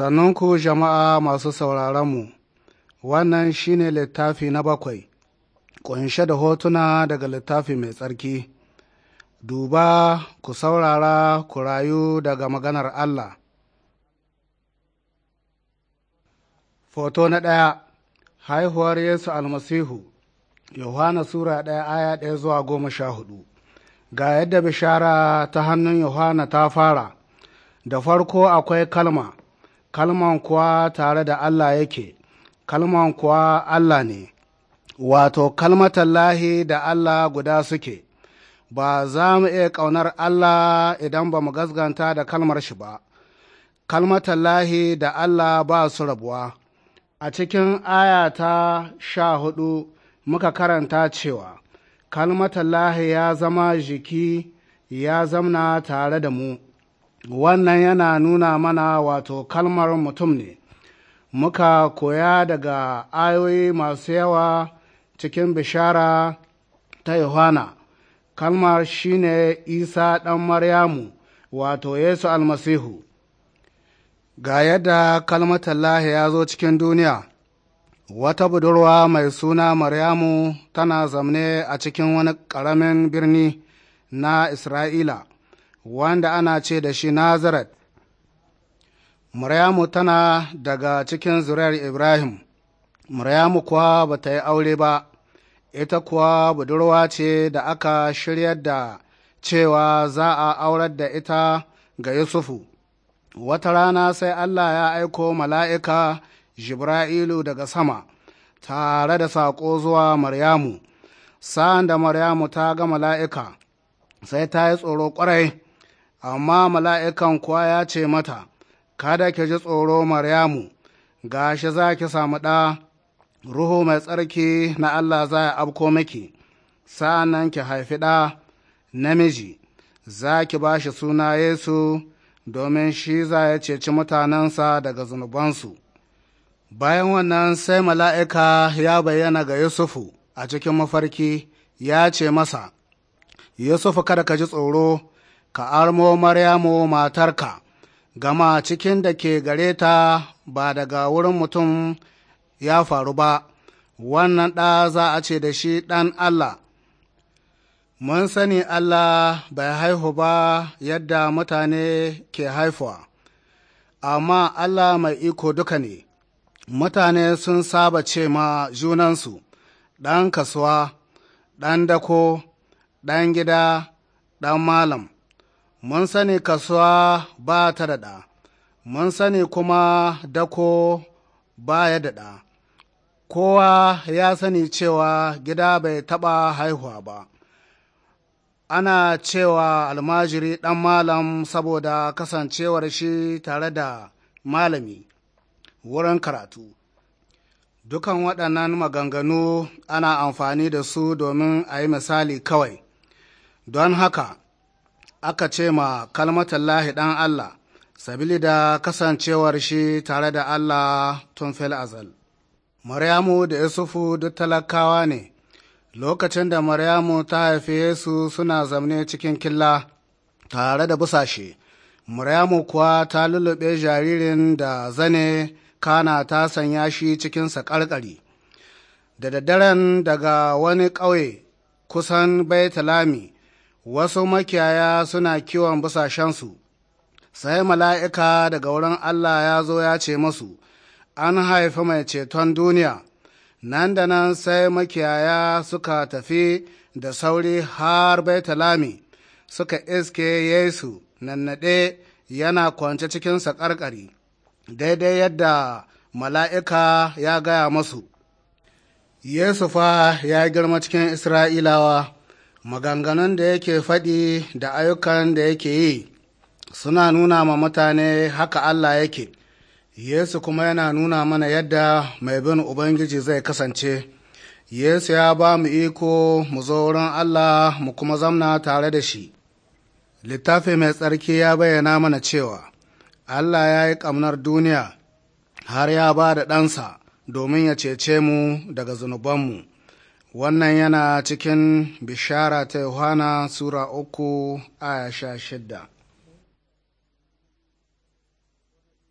sannan ku jama'a masu sauraronmu wannan shine littafi na bakwai ƙunshe da hotuna daga littafi mai tsarki duba ku saurara ku rayu daga maganar allah foto na ɗaya haihuwar yesu almasihu yohana sura ɗaya aya ɗaya zuwa goma sha hudu ga yadda bishara ta hannun yohana ta fara da farko akwai kalma kalman kuwa tare da Allah yake, kalman kuwa Allah ne, wato kalmatallahi da Allah guda suke, ba za mu iya ƙaunar Allah idan ba mu gasganta da kalmar shi ba, kalmatallahi da Allah ba su rabuwa. A cikin ayata sha hudu muka karanta cewa, kalmatallahi ya zama jiki ya zamna tare da mu. wannan yana nuna mana wato kalmar mutum ne muka koya daga ayoyi masu yawa cikin bishara ta yohana kalmar shine isa ɗan maryamu wato yesu almasihu ga yadda lahi ya zo cikin duniya wata budurwa mai suna maryamu tana zamne a cikin wani ƙaramin birni na isra'ila wanda ana ce da shi Nazaret. Maryamu tana daga cikin zuriyar Ibrahim, Maryamu kuwa ba ta yi aure ba, ita kuwa budurwa ce da aka shiryar da cewa za a aurar da ita ga Yusufu. Wata rana sai Allah ya aiko mala'ika Jibra'ilu daga sama, tare da saƙo zuwa Maryamu, sa'an da Maryamu ta ga mala'ika, sai ta yi tsoro ƙwarai. amma mala'ikan kuwa ya ce mata, Kada ki ji tsoro Maryamu, gashi za ki samu ɗa, Ruhu mai tsarki na Allah za ya abko miki, sa'an ki haifi ɗa namiji, za ki ba shi suna Yesu domin shi za ya ceci mutanensa daga zunubansu. Bayan wannan sai mala'ika ya bayyana ga Yusufu a cikin mafarki ya ce masa, Yusufu kada ka ji tsoro, ka armo Maryamu matarka, gama cikin da ke gare ta ba daga wurin mutum ya faru ba, wannan ɗa za a ce da shi ɗan Allah. Mun sani Allah bai haihu ba yadda mutane ke haifuwa, amma Allah mai iko duka ne, mutane sun saba ce ma junansu, ɗan kasuwa, ɗan dako, ɗan gida, ɗan malam. mun sani kasuwa ba ta daɗa, mun sani kuma dako ba ya daɗa, kowa ya sani cewa gida bai taɓa haihuwa ba. Ana cewa almajiri ɗan malam saboda kasancewar shi tare da malami wurin karatu. Dukan waɗannan maganganu ana amfani da su domin a yi misali kawai, don haka aka ce ma kalmatallahi ɗan Allah, sabili da kasancewar shi tare da Allah tun fil azal. Maryamu da Yusufu duk talakawa ne, lokacin da Maryamu ta haifi Yesu suna zamne cikin killa tare da busashe, Maryamu kuwa ta lulluɓe jaririn da zane kana ta sanya shi cikinsa ƙarƙari. Da daddaren daga wani ƙauye kusan Baitalami, wasu makiyaya suna kiwon busashensu, sai mala'ika daga wurin Allah ya zo ya ce masu, An haifi mai ceton duniya, nan da nan sai makiyaya suka tafi da sauri har Baitalami suka iske Yesu nannaɗe yana kwance cikin saƙarƙari, daidai yadda mala'ika ya gaya masu. Yesu fa ya girma cikin Isra'ilawa. maganganun da yake faɗi da ayyukan da yake yi suna nuna ma mutane haka Allah yake Yesu kuma yana nuna mana yadda mai bin Ubangiji zai kasance Yesu ya ba mu iko mu zo wurin Allah mu kuma zamna tare da shi littafi mai tsarki ya bayyana mana cewa Allah ya yi ƙamnar duniya har ya ba da ɗansa domin ya cece mu daga zunubanmu. wannan yana cikin bishara ta yohana sura uku aya sha shidda